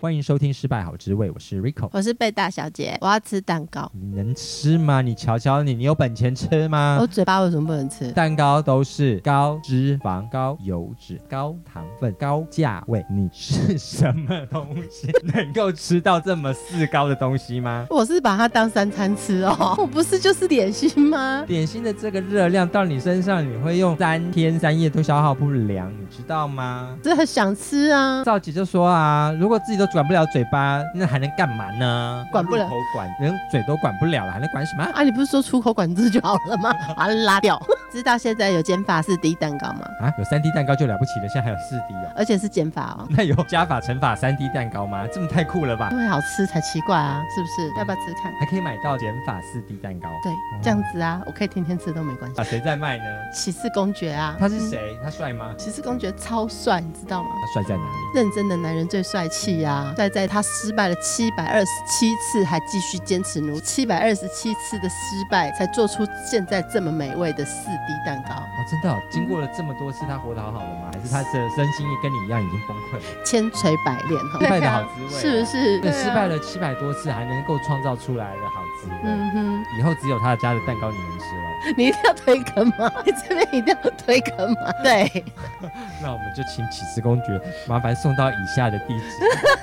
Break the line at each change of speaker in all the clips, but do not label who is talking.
歡迎收聽失敗好滋味，我是 Rico，我
是貝大小姐，我要吃蛋糕。你
能吃嗎？你瞧瞧你，你有本錢吃嗎？我嘴
巴為什麼不能吃？蛋
糕都是高脂肪、高油脂、高糖分、高價位，你是什麼東西 能夠吃到這麼四高的東西嗎？
我是把它當三餐吃哦， 我不是就是點心嗎？
點心的這個熱量到你身上，你會用三天三夜都消耗不良，你知道嗎？真的很想吃啊。趙姐就說啊，如果自己都。管不了嘴巴，那還能幹嘛呢？管不了口，管人嘴都管不了了，還能管什麼？
啊，你不是說出口管制就好了嗎？把它， 拉掉！ 知道現在有減法四 D 蛋糕嗎？
啊，有三 D 蛋糕就了不起了，現在還有四 D 哦，而
且是減法哦、喔。那
有加法、乘法三 D 蛋糕嗎？這麼太酷了吧？都
會好吃才奇怪啊，嗯、是不是？嗯、要不要吃，吃看？還可以買到減法四 D 蛋糕。對、嗯，這樣子啊，我可以天天吃都沒關係。啊，誰在賣呢？騎士公爵啊。他是誰、嗯？他帥嗎？騎士公爵超帥，你知道嗎？他帥在哪裡？認真的男人最帥氣呀。在在他失敗了七百二十七次，還繼續堅持努七百二十七次的失敗，才做出現在這麼美味的四 D 蛋糕。哦，真的、哦，
經過了這麼多次，他活得好好了嗎？還是他的身心跟你一樣已經崩潰？
千錘百鍊，
失敗的好滋味、啊， 是不是？對，失敗了七百多次，還能夠創造出來的好滋味、嗯哼。以後只有他家的蛋糕你能吃了。
你一定要推坑嗎？ 你這邊一定要推坑嗎？對。
那我們就請起司公爵麻煩送到以下的地址。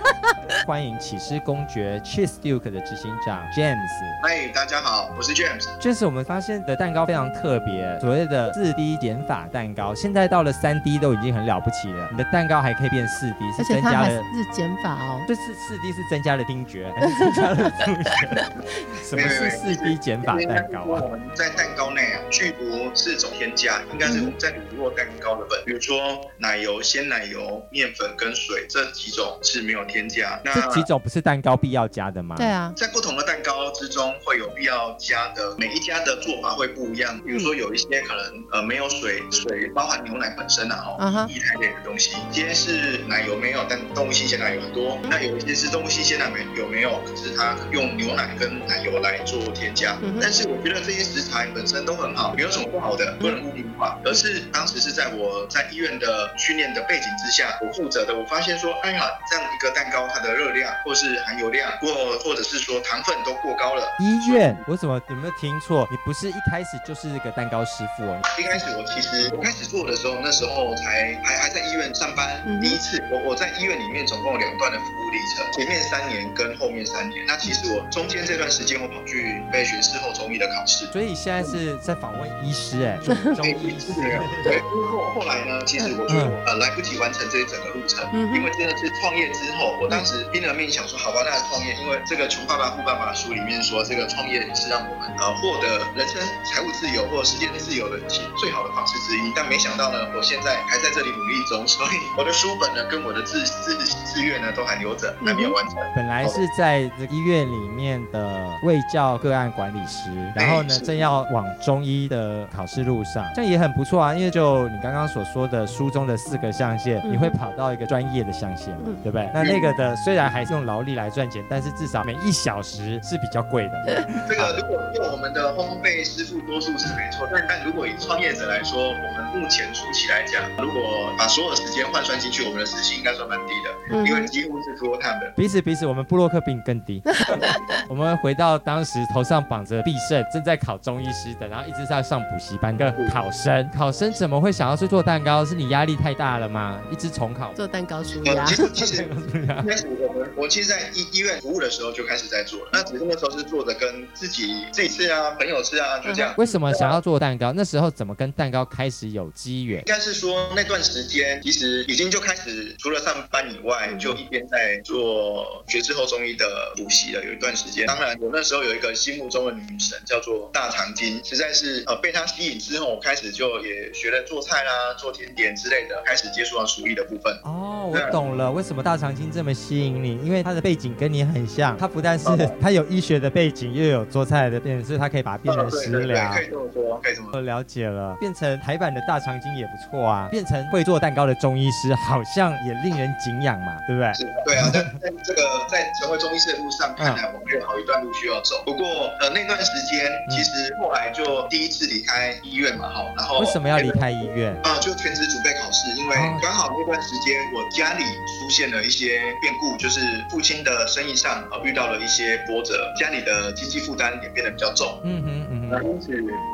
歡迎起司公爵 Cheese Duke 的執行長 James。hey 大
家好，我是 James。
這、就、次、是、我們發現的蛋糕非常特別，所謂的四 D 減法蛋糕，現在到了三 D 都已經很了不起了。你的蛋糕還可以變四 D，是增加還
是減法哦？這是四 D 是增加
了聽覺、哦就是，還是增加了數學 什麼是四 D 減法蛋糕啊？欸欸欸欸
欸欸、我
們在蛋糕。內啊，巨毒四種添加，應該是在裡面做蛋糕的本。比如說奶油、鮮奶油、麵粉跟水這幾種是沒有添加。那這幾種不是
蛋糕必要加的嗎？對啊，在
不同的蛋糕之中會有必要加的，每一家的做法會不一樣。比如說有一些可能呃沒有水，水包含牛奶本身吶、啊、哦，液、uh、態 -huh. 類的東西。今天是奶油沒有，但動物性鮮奶油很多。Uh -huh. 那有一些是動物性鮮奶沒有沒有？可是它用牛奶跟奶油來做添加。Uh -huh. 但是我覺得這些食材本身。都很好，沒有什麼不好的，不能污名化、嗯，而是當時是在我在醫院的訓練的背景之下，我負責的，我發現說，哎呀，這樣一個蛋糕，它的熱量或是含油量，或或者是說糖分都過高了。
醫院，我怎麼有沒有聽錯？你不是一開始就是這個蛋糕師傅啊？一開
始我其實我開始做的時候，那時候才還還在醫院上班。嗯、第一次我我在醫院裡面總共有兩段的服務歷程，前面三年跟後面三年。那其實我中間這段時間，我跑去備學士後中醫的考試。
所以現在是。在訪問醫師哎，中
醫師 對，後後 來呢，其實我就、嗯、呃來不及完成這一整個路程，嗯、因為真的是創業之後，我當時拼了命想說，好吧，那創業，因為這個《窮爸爸富爸爸》書裡面說，這個創業是讓我們呃獲得人生財務自由或者時間自由的最最好的方式之一。但沒想到呢，我現在還在這裡努力中，所以我的書本呢，跟我的志志志願呢，都還留着、嗯，還沒有
完成。本來是在醫院裡面的衛教個案管理師，然後呢，欸、正要往，中醫的考試路上，這樣也很不錯啊，因為就你剛剛所說的書中的四個象限，嗯，你會跑到一個專業的象限嘛，嗯、對不對？那那個的雖然還是用勞力來賺錢，但是至少每一小時是比較貴的，嗯。這
個如果用我們的烘焙師傅，多數是沒錯，但但如果以創業者來說，我們目前初期來講，如果把所有時間換算進去，我們的時薪應該算蠻低的，嗯，因為幾乎是多看的。
彼此彼此，我們部落客比你更低。 我們回到當時頭上綁着必勝，正在考中醫師的。然後一直在上補習班，跟考生，考生怎麼會想要去做蛋糕？是你壓力太大了嗎？一直重考
做蛋糕出家、嗯。一開始我們我其實，在醫醫
院服務的時候就開始在做了。那只是那時候是做的跟自己自己吃啊，朋友吃啊，就這樣、啊。為
什麼想要做蛋糕？那時候怎麼跟蛋糕開始有機緣？應
該是說那段時間其實已經就開始除了上班以外，就一邊在做學士後中醫的補習了。有一段時間，當然我那時候有一個心目中的女神叫做大長今。實在是呃被他吸引之後，我開始就也學了做菜啦，做甜點之類
的，開始接觸到廚藝的部分。哦，我懂了，嗯、為什麼大長今這麼吸引你？因為他的背景跟你很像，他，嗯、不但是他，哦、有醫學的背景，又有做菜的背景，所以他可以把它變成食療。哦。可以這麼說。我了解了，變成台版的大長今也不錯啊，變成會做蛋糕的中醫師，好像也令人敬仰嘛，啊，對不對？是對啊， 但但這個在
成為中醫師的
路上，看來我們有好一段路需要走。嗯、不過呃那段時間，其實、嗯、後來就。就第一次離開醫院嘛，哈，然後為什麼要離開醫院？啊、呃，就全職準
備考試，因為剛好那段時間我家裡出現了一些變故，就是父親的生意上啊、呃，遇到了一些波折，家裡的經濟負擔也變得比較重。嗯哼嗯哼。那、嗯、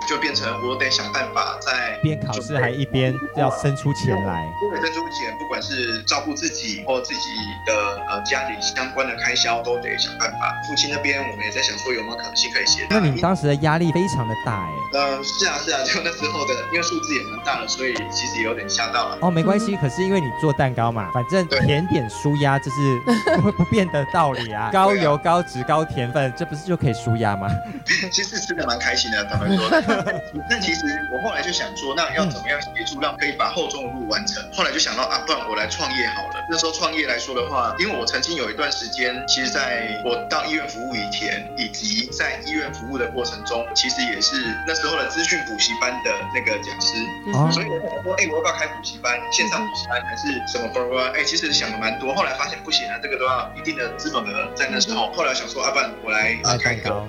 就變成我得想辦法在
邊考試還一邊要生出錢來
對對對對對，不管是照顧自己或自己的
呃家裡相關的開銷都得想辦法。父親那邊我們也在想說
有沒有可能性
可以寫。那你當時的壓力非常的大哎。那
是啊是啊，就、啊、那時候的因為數字也蠻大的，所以其實有點嚇到了。哦沒關係，
可是因為你做蛋糕嘛，反正甜點舒壓這是不會不變的道理啊。高油、啊、高脂高甜分，這不是就可以舒壓嗎？
其實吃的蠻開心。 但其實我後來就想說，那要怎麼樣協助讓可以把後中的路完成？後來就想到阿不、啊、我來創業好了。那時候創業來說的話，因為我曾經有一段時間，其實在我到醫院服務以前，以及在醫院服務的過程
中，其實也是那時候的資訊補習班的那個講師、哦，所以我想說，哎、欸，我要不要開補習班？線
上補習班還是什麼？哎、欸，其實想了蠻多。後來發現不行啊，這個都要一定的資本額。在那時候，嗯、後來想說，阿、啊、不我來開個。啊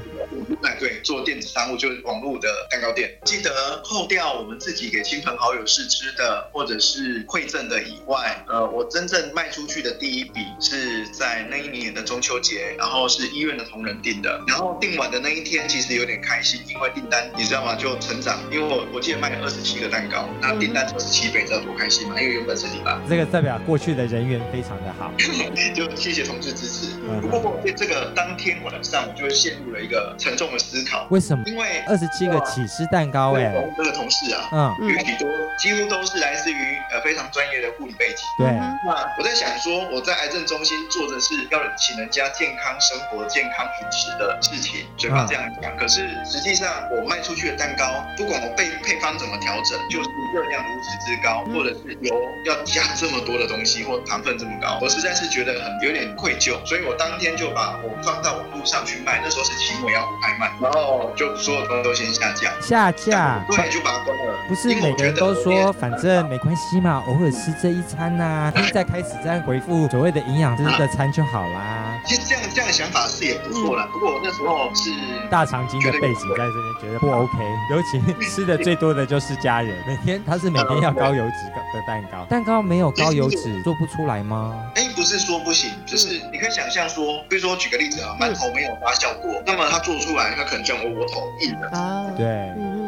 哎，對，做電子商務就是網絡的蛋糕店。記得扣掉我們自己給親朋好友試吃的，或者是饋贈的以外，呃，我真正賣出去的第一筆是在那一年的中秋節，然後是醫院的同仁訂的。然後訂完的那一天，其實有點開心，因為訂單你知道嗎？就成長，因為我我記得賣了二十七個蛋糕，那訂單二十七倍，這多開心嗎？因為原本是
你吧。這個代表過去的人緣非常的好，
就謝謝同事支持。嗯、不過我對這個當天晚上，我就會陷入了一個。重，重的思考，為什麼？因為二十七個起司蛋糕，欸，哎，我這個同事啊，嗯、啊，有許多，嗯，幾乎都是來自於呃非常專業的護理背景、嗯。對，那、啊、我在想說，我在癌症中心做的是要請人家健康生活、健康飲食的事情，嘴巴這樣講，啊，可是實際上我賣出去的蛋糕，不管我被配方怎麼調整，就是熱量如此之高，嗯，或者是油要加這麼多的東西，或糖分這麼高，我實在是覺得很有點愧疚，所以我當天就把我放到我。上去賣，那時候是請我要拍賣，然、oh. 後就所有東西都先下架，下
架，對，就把它關了。不是每個人都說，反正沒關係嘛，偶爾吃這一餐吶、啊，現在開始這樣回復所謂的營養師的餐就好啦。其、啊、
實這樣這樣的想法是也不錯啦，不過我那時候是大
腸鏡的背景在這邊，覺得不 OK，、啊、尤其吃的最多的就是家人，每天他是每天要高油脂的蛋糕，蛋糕沒有高油脂做，做不出來嗎？哎、
欸，不是說不行，就是你可以想象說、嗯，比如說舉個例子啊，饅頭。沒有發酵過，那麼他做出來，他可能就我我同
意的，啊，對。嗯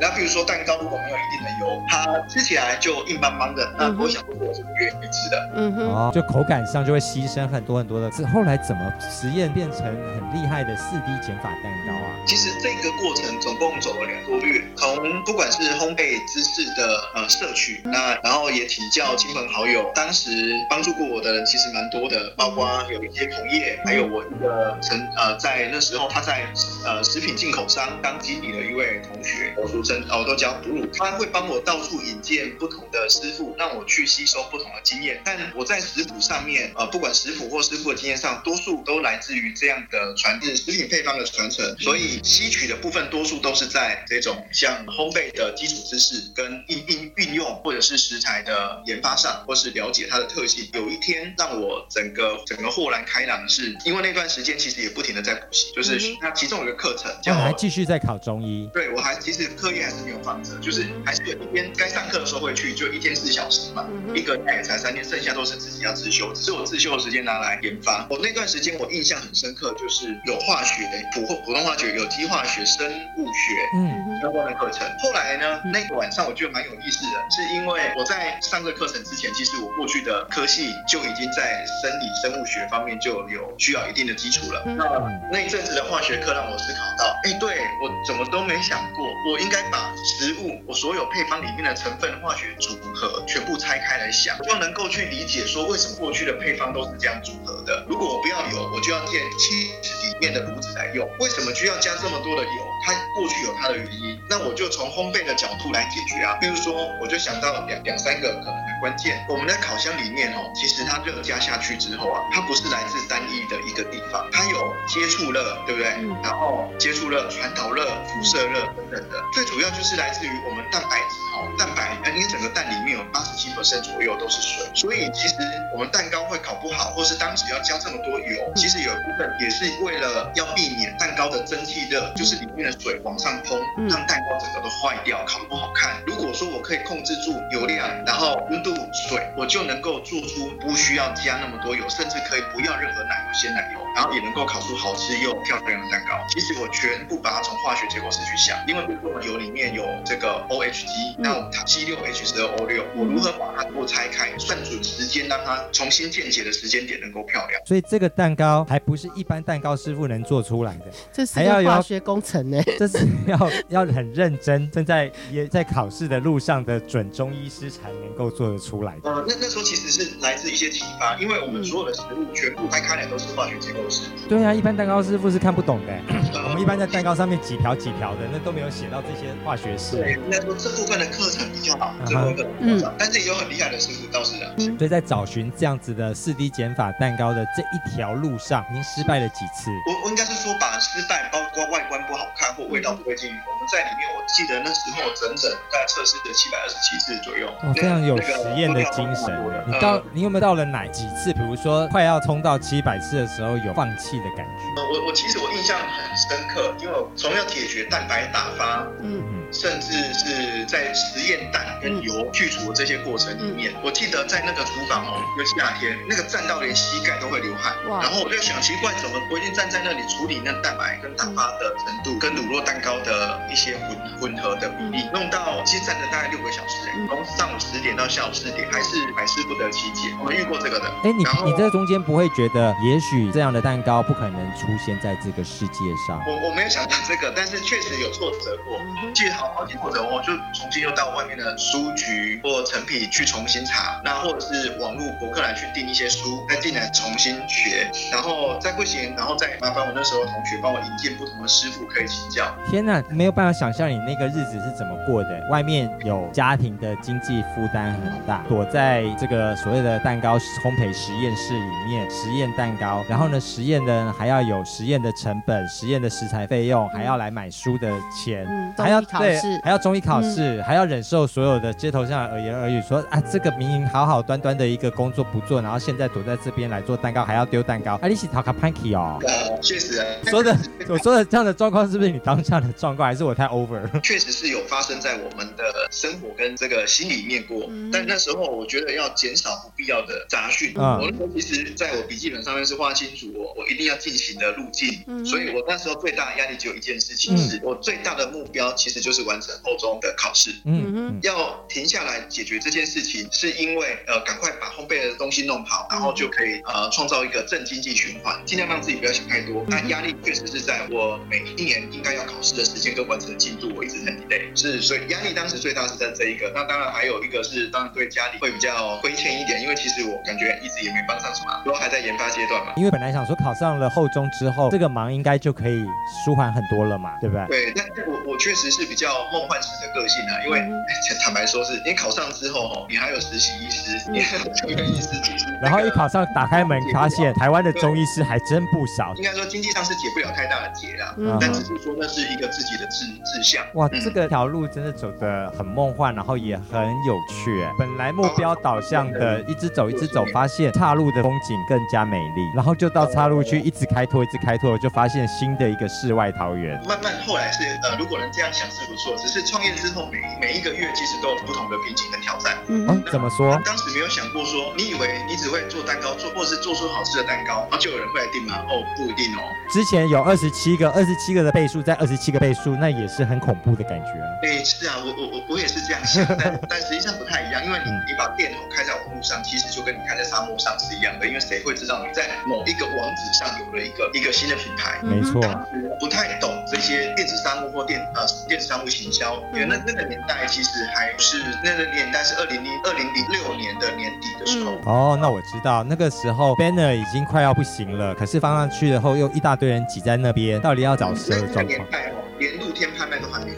那比如說蛋糕如果沒有一定的油，它吃起來就硬邦邦的。那我想，我是不願意去吃的。
嗯哼，哦，就口感上就會犧牲很多很多的。是後來怎麼實驗變成很厲害的四 D 減法蛋糕啊？
其實這個過程總共走了兩個多月，從不管是烘焙知識的呃攝取，那然後也請教親朋好友，當時幫助過我的人其實蠻多的，包括有一些同業，還有我一個曾呃在那時候他在呃食品進口商當經理的一位同。學我熟生哦，都哺乳。他會幫我到處引薦不同的師傅，讓我去吸收不同的經驗。但我在食譜上面啊、呃，不管食譜或師傅的經驗上，多數都來自於這樣的傳遞食品配方的傳承。所以吸取的部分，多數都是在這種像烘焙的基礎知識跟應應運用，或者是食材的研發上，或是了解它的特性。有一天讓我整個整個豁然開朗的是，因為那段時間其實也不停的在補習，就是他其中有一個課程叫、嗯嗯，叫、
嗯、繼續在考中醫，
對我還。其實課業還是沒有放着，就是還是有一天該上課的時候會去，就一天四小時嘛，一個月也才三天，剩下都是自己要自修。只是我自修的時間拿來研發。我那段時間我印象很深刻，就是有化學、普或普通化學、有機化學、生物學相關的課程。後來呢，那個晚上我覺得蠻有意思的，是因為我在上個課程之前，其實我過去的科系就已經在生理生物學方面就有需要一定的基礎了。那那一陣子的化學課讓我思考到，哎，對，我怎麼都沒想過。我應該把食物，我所有配方裡面的成分化學組合全部拆開來想，就能夠去理解說為什麼過去的配方都是這樣組合的。如果我不要油，我就要建七十裡面的爐子來用，為什麼就要加這麼多的油？它過去有它的原因，那我就從烘焙的角度來解決啊。比如說，我就想到兩兩三個可能很關鍵。我們的烤箱裡面哦、喔，其實它熱加下去之後啊，它不是來自單一的一個地方，它有接觸熱，對不對？然後接觸熱、傳導熱、輻射熱等等的。最主要就是來自於我們蛋白質哦、喔，蛋白，因為整個蛋裡面有八十七%左右都是水，所以其實我們蛋糕會烤不好，或是當時要加這麼多油，其實有一部分也是為了要避免蛋糕的蒸汽熱，就是裡面的。水往上衝、嗯，讓蛋糕整個都壞掉，烤不好看。如果說我可以控制住油量，然後溫度、水，我就能夠做出不需要加那麼多油，甚至可以不要任何奶油、鮮奶油，然後也能夠烤出好吃又漂亮的蛋糕。其實我全部把它從化學結構式去想，因為這個油裡面有這個
O H g 那我們它 C 六 H 十二 O 六，我如何把它全部拆開，算準時間，讓它重新分解的時間點能夠漂亮。
所以這個蛋糕還不是一般蛋糕師傅能做出來的，這是還要化學工
程呢。 這是要
要很認真，正在也在考試的路上的準中醫師才能夠做得出來的。呃、嗯，那
那時候其實是來自一些啟發，因為我們所有的食物全部掰開來都是化學
結構式。對啊，一般蛋糕師傅是看不懂的。 我們一般在蛋糕上面幾條幾條的，那都沒有寫到這些化學式。對，應該說這部分的課程比較好、嗯，這部分課程、嗯、但是也有很厲害的師傅倒是的、啊嗯。所以，在找尋這樣子的四 D 減法蛋糕的這一條路上，您失敗了幾次？我
我應該是說把失敗，包括外觀不好看。味道不會均勻。我們在裡面，我記得那時候整整在測試了七百二十七次左右。我、哦，非常有實驗的精神。
嗯、你到，嗯，你有沒有到了哪幾次？比如說快要衝到七百次的時候，有放棄的感覺？
嗯、我我其實我印象很深刻，因為我從要解決蛋白打發。嗯。嗯甚至是在實驗蛋跟油去除的這些過程裡面，我記得在那個廚房哦，一個夏天，那個站到連膝蓋都會流汗哇。然後我就想，奇怪，怎麼我已經站在那裡處理那蛋白跟打發的程度，跟乳酪蛋糕的一些混混合的比例，弄到，其實站了大概六個小時，欸，從上午十點到下午四點，還是百思不得其解。我們遇過這個的。哎，你你這
中間不會覺得，也許這樣的蛋糕不可能出現在這個世界上？
我我沒有想到這個，但是確實有挫折過，嗯其實啊，或者我就重新又到外面的書局或成品去重新查，那或者是網絡博客來去訂一些書，再訂來重新學，然後
再不行，然後再麻煩我那時候同學幫我引薦不同的師傅可以請教。天吶、啊，沒有辦法想象你那個日子是怎麼過的。外面有家庭的經濟負擔很大，躲在這個所謂的蛋糕烘焙實驗室裡面實驗蛋糕，然後呢實驗的還要有實驗的成本、實驗的食材費用，還要來買書的錢，嗯、還要對。嗯對是還要中醫考試、嗯，還要忍受所有的街頭上的耳言耳語，說啊，這個民營好好端端的一個工作不做，然後現在躲在這邊來做蛋糕，還要丟蛋糕，啊，你是逃卡潘 key 哦，
確、嗯、實啊，說的、
嗯、我說的這樣的狀況是不是你當下的狀況，還是我太 over？
確實是有發生在我們的生活跟這個心裡面過、嗯，但那時候我覺得要減少不必要的雜訊、嗯，我那時候其實在我筆記本上面是畫清楚，我我一定要進行的路徑、嗯，所以我那時候最大的壓力只有一件事情是，是、嗯、我最大的目標其實就是。就是完成後中的考試，嗯嗯，要停下來解決這件事情，是因為呃，趕快把烘焙的東西弄好，然後就可以呃，創造一個正經濟循環，盡量讓自己不要想太多。那壓力確實是在我每一年應該要考試的時間跟完成進度，我一直很累，是所以壓力當時最大是在這一個。那當然還有一個是，當然對家裡會比較虧欠一點，因為其實我感覺一直也沒幫上什麼，都還在研發階段嘛。
因為本來想說考上了後中之後，這個忙應該就可以舒緩很多了嘛，對不對？對，
但是我我確實是比較。叫夢幻師的個性啊，因為坦白說是，是你考上之後，喔，你還有實習醫師，你還有一個醫師。
然後一考上，打開門發現台灣的中醫師還真不少。應
該說經濟上是解不了太大的結啦，嗯、但只是，是說那是一個自己的志志向。哇、嗯，這
個條路真的走得很夢幻，然後也很有趣。嗯、本來目標導向的、哦，一直走，一直走，一直走、嗯，發現岔路的風景更加美麗，然後就到岔路去、哦一，一直開拓，一直開拓，就發現新的一個世外桃源。慢
慢後來是，呃，如果能這樣想是不錯，只是創業之後每每一個月其實都有不同的瓶頸跟挑戰。嗯，嗯啊、怎麼說？當時沒有想過說，你以為你只。會做蛋糕，做或者是做出好吃的蛋糕，然、啊、後就有人會來訂嗎？哦，不一定
哦。之前有二十七個，二十七個的倍數，在二十七個倍數，那也是很恐怖的感覺啊。哎，是
啊，我我我我也是這樣想的， 但實際上不太一樣，因為你、嗯、你把電腦開在網絡上，其實就跟你開在沙漠上是一樣的，因為誰會知道你在某一個網址上有了一個一個新的
品牌？沒、嗯、錯。我不太懂這些電子商務或電、呃、電子商務行銷，因
為那那個年代其實還不是那個年代是二零零二零零六年的年底的時
候。嗯、哦，那我知道那個時候 banner 已經快要不行了，可是放上去以後又一大堆人擠在那邊，到底要找誰的狀況？
那個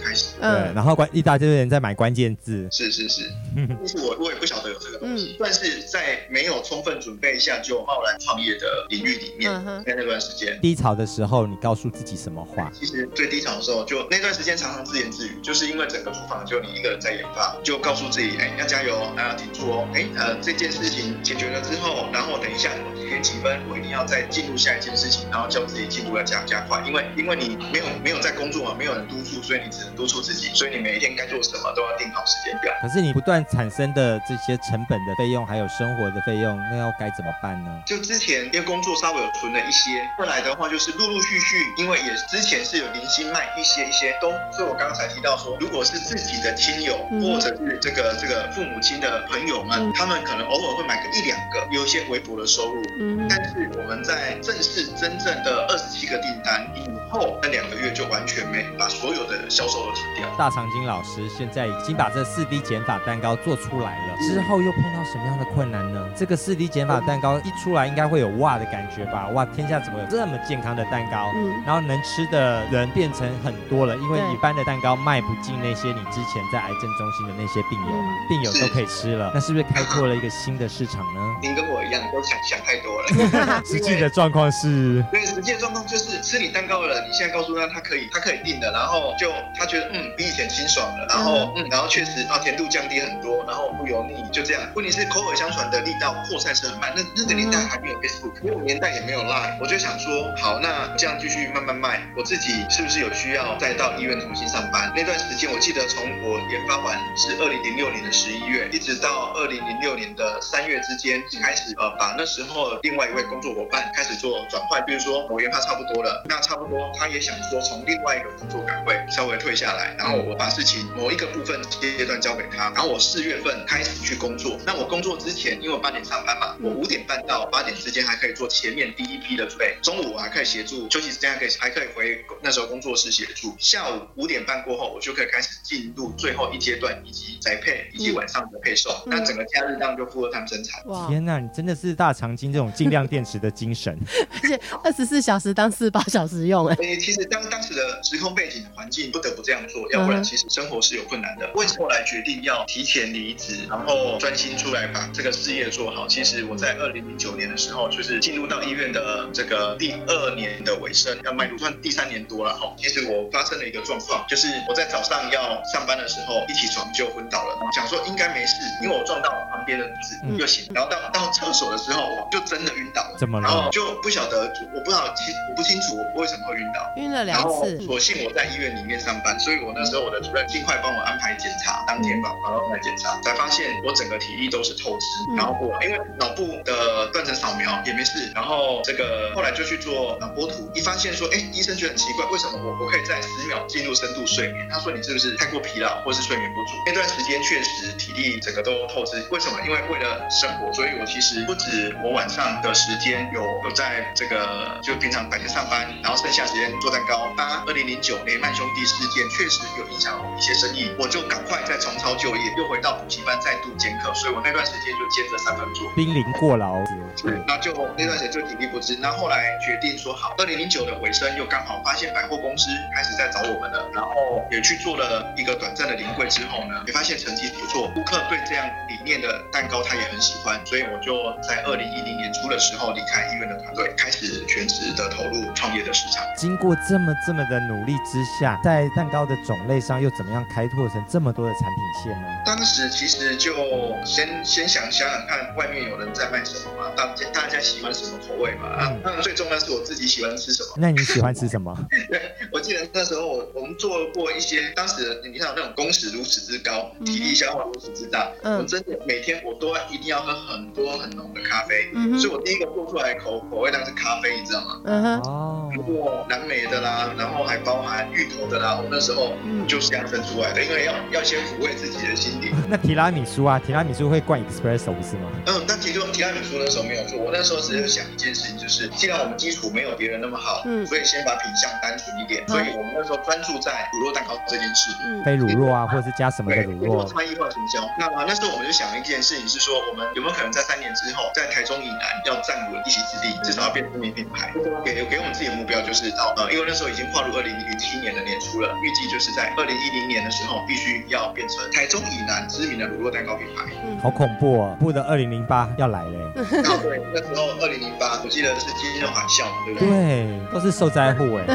嗯、對，然
後關一大堆人在買關鍵字，是是是，嗯，但
是我我也不曉得有這個東西，但、嗯、是在沒有充分準備下就貿然創業的領域裡面，嗯、哼，在那段時間
低潮的時候，你告訴自己什麼話？嗯、
其實最低潮的時候，就那段時間常常自言自語，就是因為整個廚房只有你一個人在研發，就告訴自己，哎、欸，要加油，哎、喔，要挺住哦，哎，呃，這件事情解決了之後，然後我等一下幾點幾分，我一定要再進入下一件事情，然後叫自己進度要加加快，因為因為你沒有沒有在工作嘛，沒有人督
促，所以你只能督促自己。所以你每一天該做什麼都要定好時間表。可是你不斷產生的這些成本的費用，還有生活的費用，那要該怎麼辦呢？
就之前因為工作稍微有存了一些，後來的話就是陸陸續續，因為也之前是有零星賣一些一些都。所以我剛才提到說，如果是自己的親友或者是這個這個父母親的朋友們、嗯，他們可能偶爾會買個一兩個，有一些微薄的收入。嗯但我們在正式真正的二十七個訂單以後，那兩個月就完全沒把所有的銷售
都停掉。大長今老師現在已經把這四 D 減法蛋糕做出來了，嗯，之後又碰到什麼樣的困難呢？這個四 D 減法蛋糕一出來，應該會有哇的感覺吧？哇，天下怎麼有這麼健康的蛋糕？嗯，然後能吃的人變成很多了，因為一般的蛋糕賣不進那些你之前在癌症中心的那些病友嘛，嗯，病友都可以吃了，那是不是開拓了一個新的市場呢？您跟我
一樣都想想太多了。 實際的
狀況是對，
對，實際的狀況就是吃你蛋糕的人。你現在告訴他，他可以，他可以訂的。然後就他覺得，嗯，比以前清爽了。然後，嗯然後確實啊，甜度降低很多，然後不油膩，就這樣。問題是口耳相傳的力道擴散是很慢。那那個年代還沒有 Facebook，因為我年代也沒有 Line。我就想說，好，那這樣繼續慢慢賣。我自己是不是有需要再到醫院重新上班？那段時間我記得，從我研發完是二零零六年的十一月，一直到二零零六年的三月之間，開始呃，把那時候另外一位工作 開始做轉換，比如說我研发差不多了，那差不多他也想說從另外一個工作崗位稍微退下來，然後我把事情某一個部分階段交給他，然後我四月份開始去工作。那我工作之前，因為我八點上班嘛，我五點半到八點之間還可以做前面第一批的準備，中午我還可以協助，休息時間還可以還可以回那時候工作室協助，下午五點半過後我就可以開始進入最後一階段以及宅配以及晚上的配售。嗯、那整個假日當就負荷他們生
產。天哪，你真的是大長今這種盡量電池的。 精神，
而且二十四小時當四十八小時用，欸。誒、欸，
其實當當時的時空背景環境不得不這樣做，要不然其實生活是有困難的。為什麼後來決定要提前離職，然後專心出來把這個事業做好？其實我在二零零九年的時候，就是進入到醫院的這個第二年的尾聲，要邁入算第三年多了。哈，其實我發生了一個狀況，就是我在早上要上班的時候，一起床就昏倒了。想說應該沒事，因為我撞到。別的字就行，然後到到廁所的時候，我就真的暈倒了，怎麼了？然後就不曉得，我不知道，其實我不清楚我為什麼會暈倒，
暈了兩次。然後，所
幸我在醫院裡面上班，所以我那時候我的主任盡快幫我安排檢查，當天把我拿來檢查，才發現我整個體力都是透支，嗯，然後我因為腦部的斷層掃描也沒事，然後這個後來就去做腦波圖，一發現說，哎，醫生覺得很奇怪，為什麼我不可以在十秒進入深度睡眠？他說你是不是太過疲勞，或是睡眠不足？那段時間確實體力整個都透支，為什麼？因為為了生活，所以我其實不止我晚上的時間有有在這個，就平常白天上班，然後剩下時間做蛋糕。當二零零九年雷曼兄弟事件確實有影響一些生意，我就趕快再重操舊業，又回到補習班再度兼課。所以我那段時間就兼着三份
做，瀕臨過勞。對，那就那段時間就體力不支，然後後來決定說好。二零零九的尾聲又
剛好發現百貨公司開始在找我們了，然後也去做了一
個短暫的臨櫃之後呢，也發現成績不錯，顧客對這樣理念的。蛋糕他也很喜歡，所以我就在二零一零年初的時候離開醫院的團隊，開始全職的投入創業的市場。
經過這麼這麼的努力之下，在蛋糕的種類上又怎麼樣開拓成這麼多的產品線呢？
當時其實就先先想想想看，外面有人在賣什麼嘛？大大家喜歡什麼口味嘛？那、嗯嗯、最重要是我自己喜歡吃什
麼。那你喜歡吃什麼？
我記得那時候我我們做過一些，當時你看那種工時如此之高，嗯、體力消耗如此之大，嗯，我真的每天。我都一定要喝很多很濃的咖啡，嗯，所以我第一個做出來的口口味量是咖啡，你知
道
嗎？嗯哼哦，如果藍莓的啦，然後還包含芋頭的啦，我那時候就是這分出來的，嗯、因為要要先撫慰自己的心理。
那提拉米蘇啊，提拉米蘇會灌 espresso 不是嗎？嗯，但提提拉米蘇那
時候沒有做，我那時候只是想一件事情，就是既然我們基礎沒有別人那麼好，嗯，所以先把品相單純一點，嗯，所以我們那時候專注在乳酪蛋糕這件事，
非乳酪啊，或者是加什麼的乳酪，啊，創意化成交。那那時候我們就想一件事。事情是說，我們有沒有可能
在三年之後，在台中以南要站穩一席之地，至少要變成知名品牌？給給，我們自己的目標就是到呃，因為那時候已經跨入二零零七年的年初了，預計就是在二零一零年的時候，必須要變成台中以南知名的乳酪蛋糕品牌。嗯，
好恐怖啊、哦，不能二零零八要來嘞、 啊。對，那
時候二零零八，2008, 我記得是金融海嘯，對不對？對，都是受災戶哎。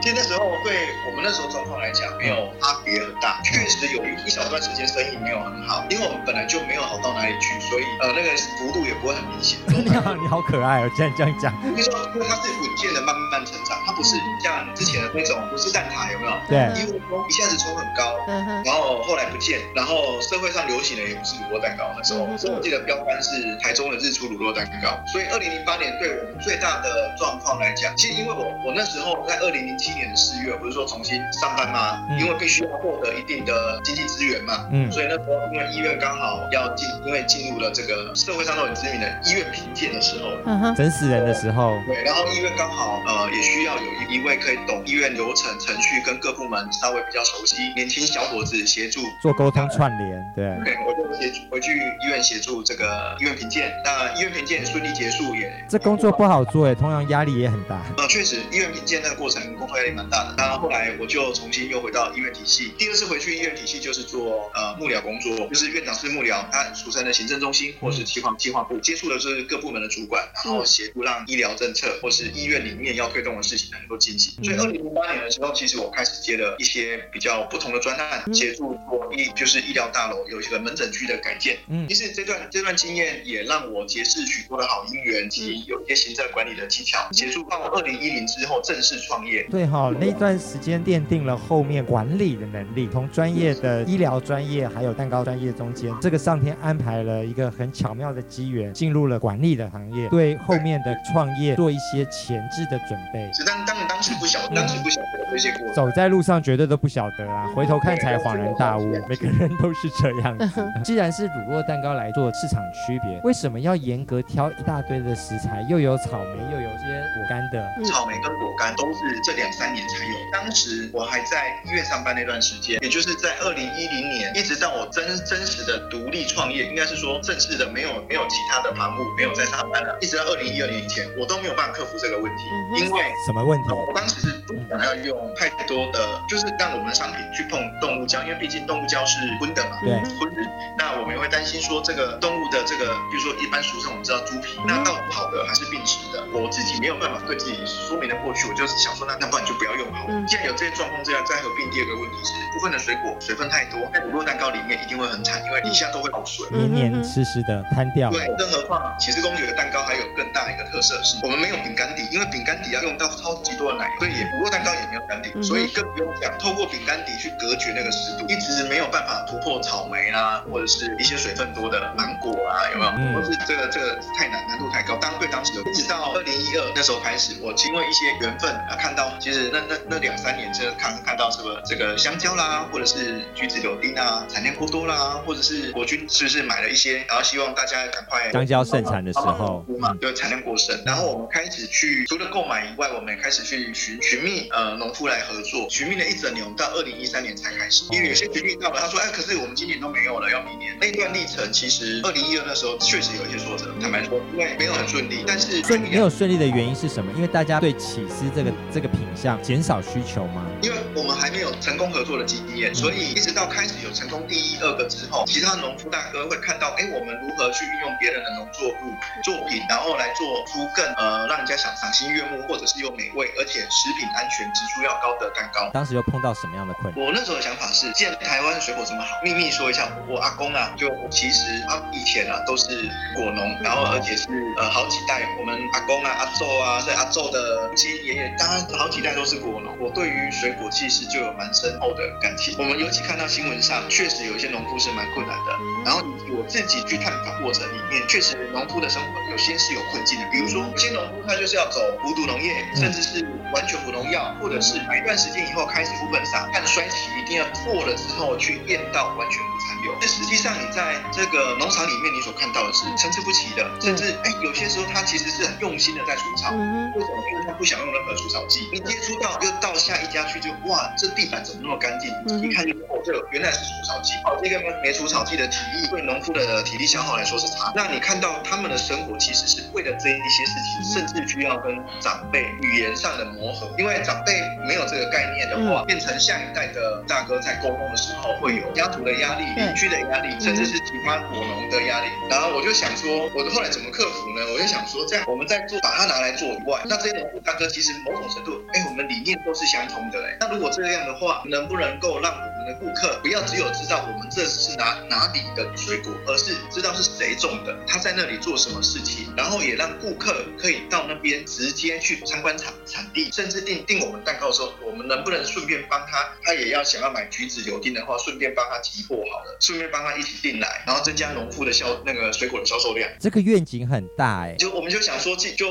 其 實那時候，對我們那時候狀況來講，沒有差、啊、別很大。確實有一小段時間生意沒有很好，因為我們本來。就沒有好到哪裡去，所以呃，那個幅度也不會很明顯
你好，你好可愛哦、喔！這樣這樣講。你
說，因為它是穩健的，慢慢成長，它不是像之前的那種，不是蛋撻，有沒有？對。因為一下子衝很高，然後後來不見，然後社會上流行的也不是乳酪蛋糕，那時候，所 以我記得標桿是台中的日出乳酪蛋糕。所以，二零零八年對我們最大的狀況來講，其實因為我我那時候在二零零七年的四月不是說重新上班嗎？因為必須要獲得一定的經濟資源嘛，嗯，所以那時候因為一月剛好。要進，因為進入了這個社會上都很知名的醫院評鑑的時候，嗯哼，
整死人的時候，
對，然後醫院剛好呃也需要有一一位可以懂醫院流程程序跟各部門稍微比較熟悉年輕小伙子協助做溝通串
聯，對。對
我回去醫院協助這個醫院評鑑，那醫院評鑑順利結束也。
這工作不好做哎、欸，同樣壓力也很大。
哦、呃，確實醫院評鑑那個過程工作壓力蠻大的。當然後來我就重新又回到醫院體系，第二次回去醫院體系就是做呃幕僚工作，就是院長室幕僚，他俗稱的行政中心或是計劃計劃部，接觸的是各部門的主管，然後協助讓醫療政策或是醫院裡面要推動的事情能夠進行。所以二零零八年的時候，其實我開始接了一些比較不同的專案，協助做醫就是醫療大樓有一個門診區。的改建，嗯，其實這段這段經驗也讓我結識許多的好姻緣，及有一些行政管理的技巧。結束到二零一零之後正式創業，對，好，哦，那
段時間奠定了後面管理的能力，從專業的醫療專業，還有蛋糕專業中間，這個上天安排了一個很巧妙的機緣，進入了管理的行業，對後面的創業做一些前置的準備。嗯
當時不曉得，嗯、當時不曉得那些果乾。走
在路上絕對都不曉得啊，回頭看才恍然大悟。個每個人都是這樣、嗯。既然是乳酪蛋糕來做的市場區別，為什麼要嚴格挑一大堆的食材？又有草莓，又有些果乾的、嗯。
草莓跟果乾都是這兩三年才有。當時我還在醫院上班那段時間，也就是在二零一零年，一直到我真真實的獨立創業，應該是說正式的沒有沒有其他的忙碌，沒有在上班了，一直到二零一二年以前，我都沒有辦法克服這個問題。嗯、因為
什麼問題？我當時是
不想要用太多的，就是讓我們的商品去碰動物膠，因為畢竟動物膠是葷的嘛，對，葷的。那我們也會擔心說這個動物的這個，比如說一般俗稱我們知道豬皮，那到底好的還是病死的，我自己沒有辦法對自己說明的過去，我就是想說那那不然你就不要用好了。嗯。既然有這些狀況，這樣再合併第二個問
題是部分的水果水分太多，那乳酪蛋糕裡面一定會很慘，因為底下都會漏水，黏黏
濕濕的攤掉。對，
更何況起司公爵的蛋糕還有更大一個特色是，我們沒有餅乾底，因為餅乾底要用到超級多。所以也不過蛋糕也沒有乾底，所以更不用講。透過餅乾底去隔絕那個濕度，一直沒有辦法突破草莓啦、啊，或者是一些水分多的芒果啊，有沒有？或、嗯、都是這個這個太難，難度太高。當對當時的，一直到二零一二那時候開始，我因為一些緣分啊，看到其實那那那兩三年真看看到什麼這個香蕉啦，或者是橘子柳丁啊，產量過多啦，或者是
國軍是不是買了一些，然後希望大家趕快香蕉盛產的時候，啊啊、對產量過剩，然後我們開始去
除了購買以外，我們也開始去。尋尋覓呃農夫來合作，尋覓了一整年，我們到二零一三年才開始。因為有些尋覓到了，他說哎、啊，可是我們今年都沒有了，要明年。那一段歷程其實二零一二那時候確實有一些挫折，坦白說，因為沒有很順利，嗯。但是
所以沒有順利的原因是什麼？因為大家對起司這個這個品項減少需求嗎？
因為我們還沒有成功合作的經驗，所以一直到開始有成功第一二個之後，其他農夫大哥會看到，哎、欸，我們如何去運用別人的農作物作品，然後來做出更呃讓人家賞賞心悅目，或者是又美味，而且。食品安全指數要高的蛋糕，
當時又碰到什麼樣的困難？我那時候的想
法是，既然台灣水果這麼好，秘密說一下，我阿公啊，就其實阿、啊、以前啊都是果農，然後而且是呃好幾代，我們阿公啊、阿祖啊，所以阿祖的先爺爺，當然好幾代都是果農，我對於水果其實就有蠻深厚的感情。我們尤其看到新聞上，確實有一些農夫是蠻困難的。然後我自己去探訪過程裡面，確實農夫的生活有些是有困境的，比如說新農夫他就是要走無毒農業，甚至是。完全不農藥，或者是買一段時間以後開始補本殺，看衰期一定要過了之後去驗到完全不殘留。但實際上你在這個農場裡面，你所看到的是參差不齊的，甚至、欸、有些時候他其實是很用心的在除草，嗯、為什麼？因為他不想用任何除草劑。你接觸到又到下一家去就，就哇這地板怎麼那麼乾淨？一看就知、哦、這個、原來是除草劑、哦。這個沒除草劑的體力，對農夫的體力消耗來說是差。那你看到他們的生活，其實是為了這一些事情，甚至需要跟長輩語言上的。磨合，因為長輩沒有這個概念的話，變成下一代的大哥在溝通的時候會有家族的壓力、鄰居的壓力，甚至是其他果農的壓力。然後我就想說，我的後來怎麼克服呢？我就想說，這樣我們再做，把它拿來做以外，那這些大哥其實某種程度，哎，我們理念都是相同的哎，那如果這樣的話，能不能夠讓？顧客不要只有知道我們這是哪哪裡的水果，而是知道是誰種的，他在那裡做什麼事情，然後也讓顧客可以到那邊直接去參觀產產地，甚至訂訂我們蛋糕的時候，我們能不能順便幫他，他也要想要買橘子油訂的話，順便幫他提貨好了，順便幫他一起訂來，然後增加農夫的銷那個水果的銷售
量。
這個願景很大、欸、就我們就想說就。就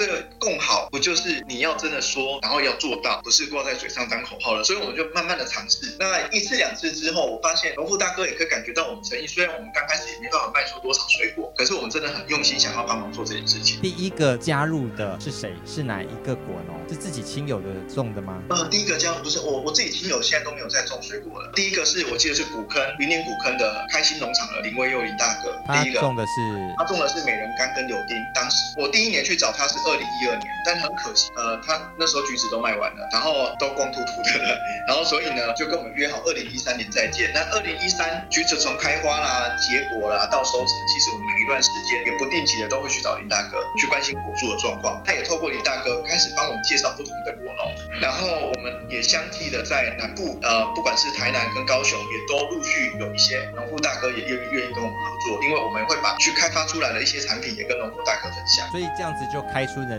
這個共好，不就是
你要真的說，然後要做到，不是掛在嘴上當口號了。所以我們就慢慢的嘗試。那一次兩次之後，我發現農夫大哥也可以感覺到我們誠意。雖然我們剛開始也沒辦法賣出多少水果，可是我們真的很用心，想要幫忙做這件事情。第
一個加入的是誰？是哪一個果農？是自己親友的種的嗎？呃，第
一個加入不是我，我自己親友現在都沒有在種水果了。第一個是我記得是古坑，雲林古坑的開心農場的林威又一大哥。他種
的是他
種的是美人柑跟柳丁。當時我第一年去找他是二零一二年，但很可惜，呃，他那時候橘子，都賣完了，然後都光禿禿的了，然後所以呢，就跟我們約好二零一三年再見。那二零一三，橘子從開花啦、結果啦到收成，其實我們每一段時間也不定期的都會去找林大哥去關心果樹的狀況。他也透過林大哥開始幫我們介紹不同的果農，然後我們也相繼的在南部，呃，不管是台南跟高雄，也都陸續有一些農戶大哥也願意願意跟我們合作，因為我們會把去開發出來的一些產品也跟農戶大哥
分享，所以這樣子就開。出的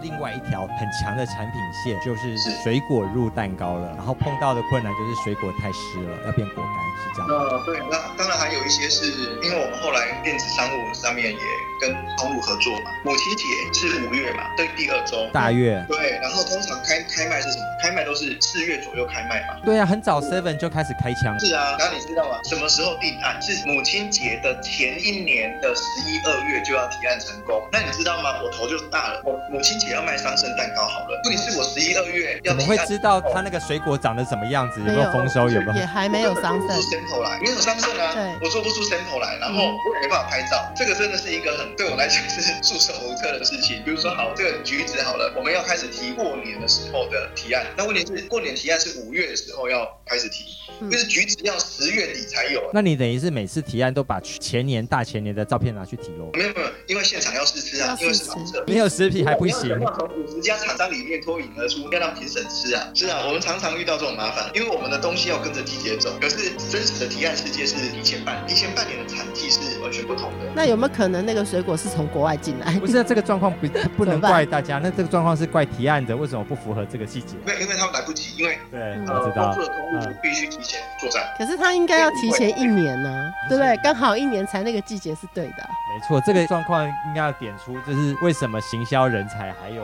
另外一條很強的產品線，就是水果入蛋糕了，然後碰到的困難就是水果太濕了，要變果乾是這樣的。呃、啊、對。那當然還有一些是，因為
我們後來電子商務上面也跟商務合作嘛。母親節是五月嘛？對，第二周。大月。對。然後通常開開賣是什麼？開賣都是四月左右開賣嘛？對啊，很
早 seven 就開始開槍。是啊。然
後你知道嗎？什麼時候定案？是母親節的前一年的十一二月就要提案成功。那你知道嗎？我頭就是大了。母親節要賣桑葚蛋糕好了。問題是，我十一二月要。你會知道它
那個水果長得什麼樣子？沒有，有沒有豐收？有沒有？也
還沒有桑葚，做不出 sample 來，沒有桑葚啊。對，我做不出 sample 來，然後我也沒辦法拍照。嗯、這個真的是一個很對我來講是束手無策的事情。比如說，好，這個橘子好了，我們要開始提過年的時候的提案。那問題是，是過年提案是五月的時候要開始提，就、嗯、是橘子要十月底才有。
嗯、那你等於是每次提案都把前年、大前年的照片拿去提嘍、哦啊？沒
有沒有，因為現場要試吃啊，因為是車。沒有還不行，要從五十家廠商裡面脫穎而出，要讓評審吃啊！是啊，我們常常遇到這種麻煩，因為我們的東西要跟着季節走。可是真實的提案時間是提前半，提前半年的產地是完全不同的。那有
沒有可能那個水果是從國外進來？不是、啊，這個狀況不不能怪大家，那這個狀況是怪提案
的，為什麼不符合這個季節？對，因為
他們來不及，因為對，嗯嗯我知道。工作中必須提前作戰。可是他應該要提前一年呢、啊，對不對？剛好一年才那個季節是對的、啊。沒
錯，這個狀況應該要點出，就是為什麼行銷。教人才還有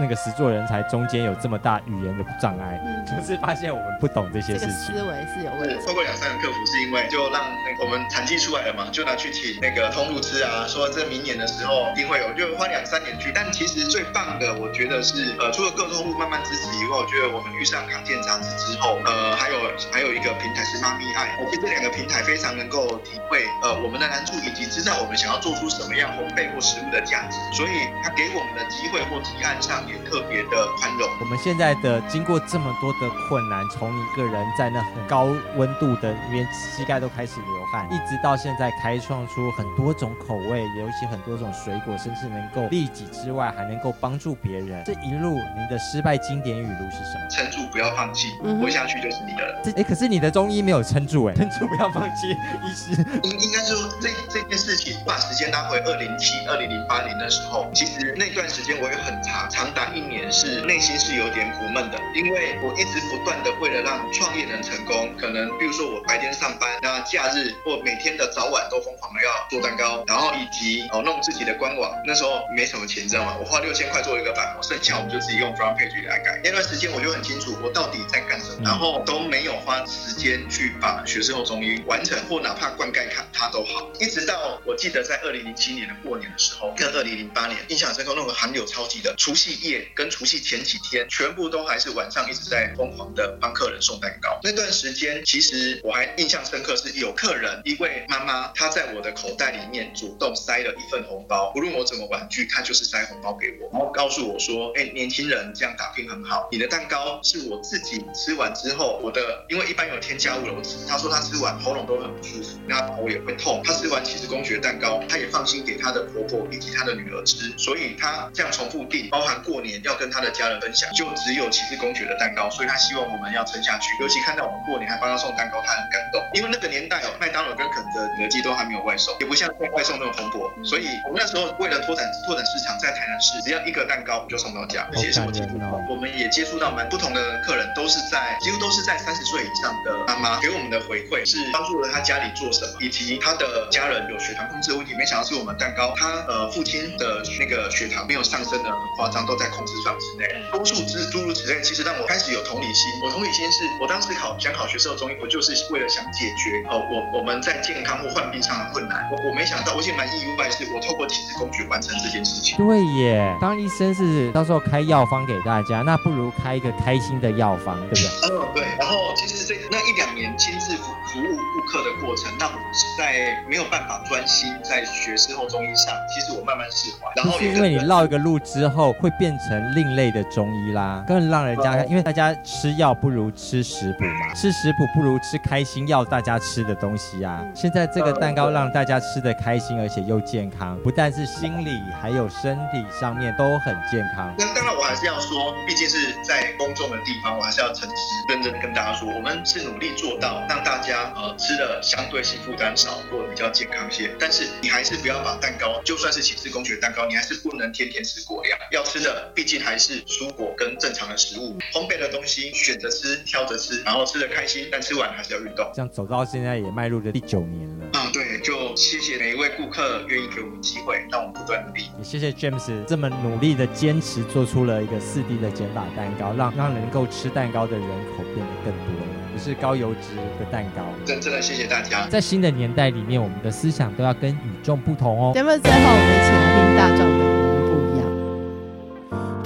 那個實作人才中間有這麼大語言的障礙、嗯，就是發現我們不懂這些事情，這個、思
維是有問題。超過兩三
年克服是因為就讓那個我們產季出來了嘛，就拿去請那個通路資啊，說這明年的時候一定會有，就花兩三年去。但其實最棒的，我覺得是呃，除了各通路慢慢支持以後，我覺得我們遇上康健雜誌之後，呃，還有還有一個平台是媽咪愛，我們這兩個平台非常能夠體會呃我們的難處，以及知道我們想要做出什麼樣烘焙或食物的價值，所以他給。給我們的機會或提案上也
特別的寬容。我們現在的經過這麼多的困難，從一個人在那很高溫度的，連膝蓋都開始流汗，一直到現在開創出很多種口味，尤其很多種水果，甚至能夠利己之外，還能夠幫助別人。這一路，你的失敗經典語錄是什麼？撐
住，不要放棄。我想去，就是
你的了。哎、嗯，欸，可是你的中醫沒有撐住，哎，撐住，不要放棄。醫師，應應該
說這，這這件事情，把時間拉回二零七二零零八年的時候，其實。那段時間我也很長，長達一年，是內心是有點苦悶的，因為我一直不斷的為了讓創業能成功，可能比如說我白天上班，那假日或每天的早晚都瘋狂的要做蛋糕，然後以及哦弄自己的官網。那時候沒什麼錢，知道嗎？我花六千塊做一個版，我剩下我們就自己用 Front Page 來改。那段時間我就很清楚我到底在幹什麼，然後都沒有花時間去把學士後中醫完成，或哪怕灌溉卡他都好。一直到我記得在二零零七年的過年的時候，跟二零零八年印象深刻。那種寒流，超級冷的除夕夜跟除夕前幾天，全部都還是晚上一直在瘋狂的幫客人送蛋糕。那段時間，其實我還印象深刻，是有客人一位媽媽，她在我的口袋裡面主動塞了一份紅包，不論我怎麼婉拒，她就是塞紅包給我，然後告訴我說：“哎、欸，年輕人這樣打拼很好，你的蛋糕是我自己吃完之後，我的因為一般有添加物，了，我吃，她說她吃完喉嚨都很不舒服，那我也會痛。她吃完其實公爵蛋糕，她也放心給她的婆婆以及她的女兒吃，所以。他這樣重複訂，包含過年要跟他的家人分享，就只有起士公爵的蛋糕，所以他希望我們要撐下去。尤其看到我們過年還幫他送蛋糕，他很感動。因為那個年代哦，麥當勞跟肯德基都還沒有外送，也不像現在外送那麼蓬勃。所以我們那時候為了拓展拓展市場，在台南市只要一個蛋糕就送到家。而且是我們也接觸到蠻不同的客人，都是在幾乎都是在三十歲以上的媽媽給我們的回饋，是幫助了他家裡做什麼，以及他的家人有血糖控制的問題，沒想到是我們蛋糕。他呃父親的那個。血糖沒有上升的很誇張，都在控制上之內。多數之，諸如此類，其實讓我開始有同理心。我同理心是我當時考想考學士後中醫，我就是為了想解決哦？我我們在健康或患病上的困難。我我沒想到，我現在蠻意外，是我透過體制工具完成這件
事情。對耶，當醫生是到時候開藥方給大家，那不如開一個開心的藥方，對不對？嗯，
對。然後其實是這個、那一兩年親自服務服務顧客的過程，那我是在沒有辦法專心在學士後中醫上，其實我慢慢釋懷，然後也因為。
你繞一個路之後，會變成另類的中醫啦，更讓人家，因為大家吃藥不如吃食補嘛，吃食補不如吃開心藥，要大家吃的東西啊。現在這個蛋糕讓大家吃的開心，而且又健康，不但是心理還有身體上面都很健康。
那當然，我還是要說，畢竟是在公眾的地方，我還是要誠實認真的跟大家說，我們是努力做到讓大家呃吃的相對性負擔少，或者比較健康些。但是你還是不要把蛋糕，就算是品質公選蛋糕，你還是不能。能天天吃果料，要吃的畢竟還是蔬果跟正常的食物，烘焙的東西選擇吃、挑着吃，然後吃的開心，但吃完還是要運動。
這樣走到現在也邁入了第九年了。嗯，對，
就謝謝每一位顧客願意給我們機會，讓我們
不斷努力。也謝謝 James 這麼努力的堅持，做出了一個四 D 的減法蛋糕，讓讓能夠吃蛋糕的人口變得更多，不是高油脂的蛋糕。真正的謝謝大家。在新的年代裡面，我們的思想都要跟與眾不同哦。j a
最後我們一起來聽大壯的。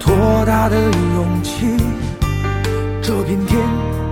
多大的勇氣？這片天。